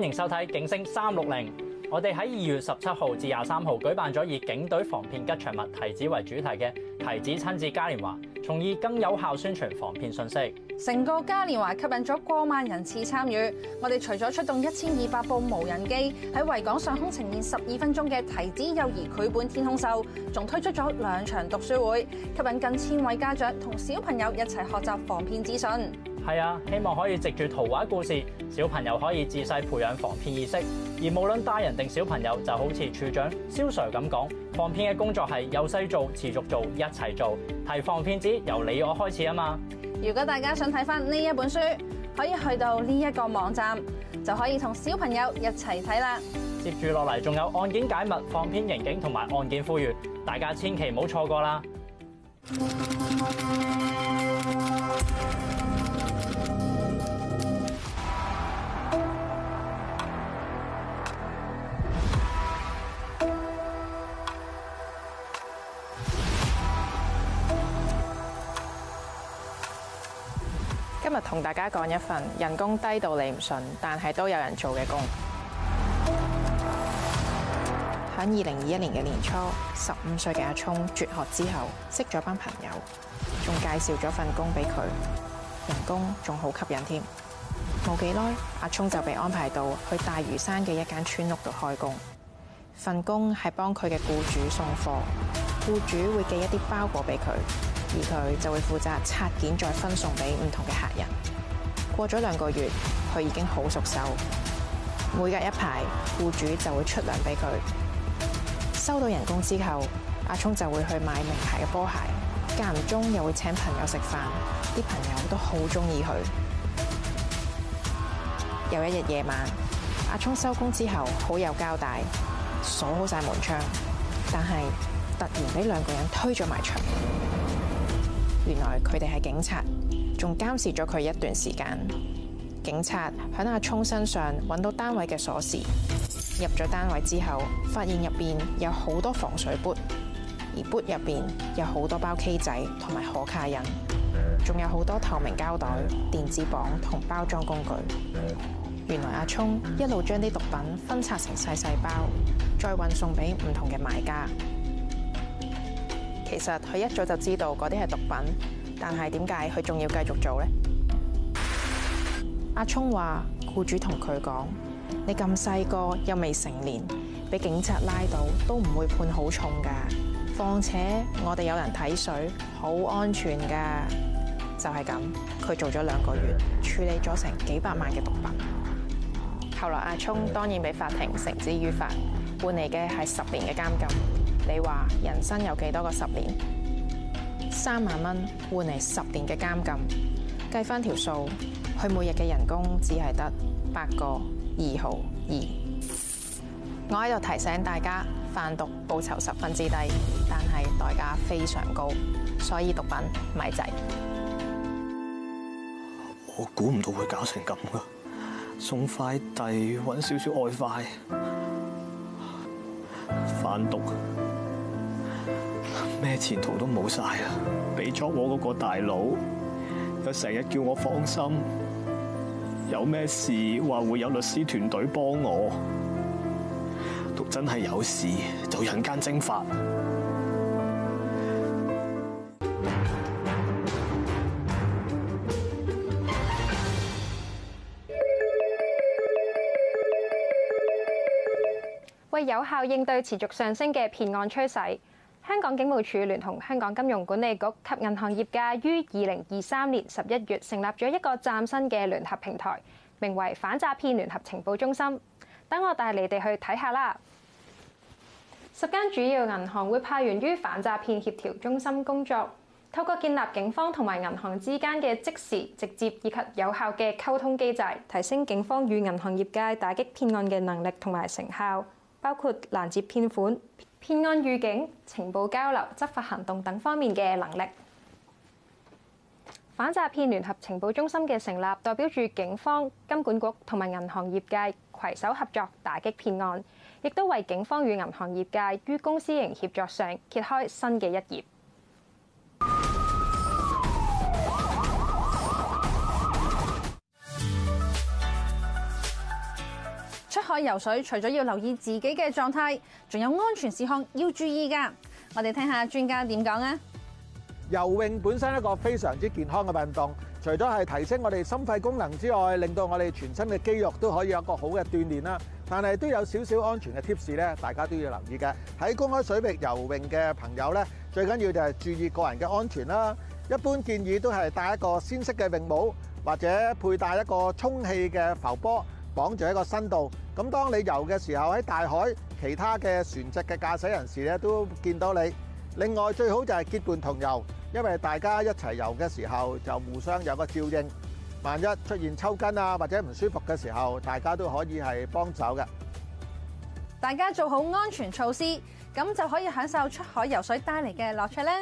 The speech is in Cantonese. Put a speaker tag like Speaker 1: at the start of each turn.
Speaker 1: 歡迎收睇《警聲360》。我哋喺二月十七號至廿三號舉辦咗以警隊防騙吉祥物提子為主題嘅提子親子嘉年華，從而更有效宣傳防騙信息。
Speaker 2: 成個嘉年華吸引咗過萬人次參與。我哋除咗出動一千二百部無人機，喺維港上空呈現十二分鐘嘅提子幼兒繪本天空秀，仲推出咗兩場讀書會，吸引近千位家長同小朋友一齊學習防騙資訊。
Speaker 1: 係啊，希望可以藉住圖畫故事，小朋友可以自細培養防騙意識。而無論大人定小朋友，就好似處長蕭 Sir 咁講，防騙嘅工作係由細做、持續做、一齊做，提防騙子由你我開始啊嘛！
Speaker 2: 如果大家想睇翻呢一本書，可以去到呢一個網站，就可以同小朋友一齊睇啦。
Speaker 1: 接住落嚟仲有案件解密、防騙刑警同埋案件呼籲，大家千祈唔好錯過啦！
Speaker 3: 同大家講一份人工低到你唔信，但係都有人做嘅工。喺二零二一年嘅年初，十五歲嘅阿聰輟學之後，識咗班朋友，仲介紹咗份工俾佢，人工仲好吸引添。冇幾耐，阿聰就被安排到去大嶼山嘅一間村屋度開工。份工係幫佢嘅僱主送貨，僱主會寄一啲包裹俾佢。而佢就會負責拆件，再分送俾唔同嘅客人。過咗兩個月，佢已經好熟手。每隔一排，僱主就會出糧俾佢。收到人工之後，阿聰就會去買名牌嘅波鞋，間唔中又會請朋友食飯，啲朋友都好中意佢。有一日夜晚，阿聰收工之後好有交代，鎖好晒門窗，但係突然俾兩個人推咗埋牆。原來佢哋係警察，仲監視咗佢一段時間。警察喺阿聰身上揾到單位嘅鎖匙，入咗單位之後，發現入邊有好多防水缽，而缽入邊有好多包 K 仔同埋可卡因，仲有好多透明膠袋、電子磅同包裝工具。原來阿聰一路將啲毒品分拆成細細包，再運送俾唔同嘅買家。其實佢一早就知道嗰啲係毒品，但係點解佢仲要繼續做呢？阿聰話：僱主同佢講，你咁細個又未成年，俾警察拉到都唔會判好重噶。況且我哋有人睇水，好安全噶。就係咁，佢做咗兩個月，處理咗成幾百萬嘅毒品。後來阿聰當然被法庭繩之於法，換嚟嘅係十年嘅監禁。你話人生有幾多個十年？三萬蚊換嚟十年嘅監禁，計翻條數，佢每日嘅人工只係得八個二毫二。我喺度提醒大家，販毒報酬十分之低，但係代價非常高，所以毒品咪制。
Speaker 4: 我估唔到會搞成咁噶，送快遞搵少少外快，販毒。咩前途都冇晒啊，俾咗我嗰個大佬，佢成日叫我放心，有咩事話會有律師團隊幫我。都真係有事，就人間蒸發。
Speaker 5: 為有效應對持續上升嘅騙案趨勢。香港警務處聯同香港金融管理局及銀行業界於二零二三年十一月成立咗一個嶄新嘅聯合平台，名為反詐騙聯合情報中心。等我帶你哋去睇下啦。十間主要銀行會派員於反詐騙協調中心工作，透過建立警方同埋銀行之間嘅即時、直接以及有效嘅溝通機制，提升警方與銀行業界打擊騙案嘅能力同埋成效，包括攔截騙款。騙案預警、情報交流、執法行動等方面嘅能力。反詐騙聯合情報中心嘅成立，代表住警方、金管局同埋銀行業界攜手合作打擊騙案，亦都為警方與銀行業界於公私營協作上揭開新嘅一頁。
Speaker 2: 開游水，除咗要留意自己嘅狀態，仲有安全事項要注意噶。我哋聽下專家點講啊！
Speaker 4: 游泳本身一個非常之健康嘅運動，除咗係提升我哋心肺功能之外，令到我哋全身嘅肌肉都可以有一個好嘅鍛煉啦。但係都有少少安全嘅 tips 咧，大家都要留意嘅。喺公開水域游泳嘅朋友咧，最緊要就係注意個人嘅安全啦。一般建議都係戴一個鮮色嘅泳帽，或者佩戴一個充氣嘅浮波。綁住一個身度，咁當你遊嘅時候喺大海，其他嘅船隻嘅駕駛人士咧都見到你。另外最好就係結伴同遊，因為大家一齊遊嘅時候就互相有個照應。萬一出現抽筋啊或者唔舒服嘅時候，大家都可以係幫手嘅。
Speaker 2: 大家做好安全措施，咁就可以享受出海游水帶嚟嘅樂趣啦。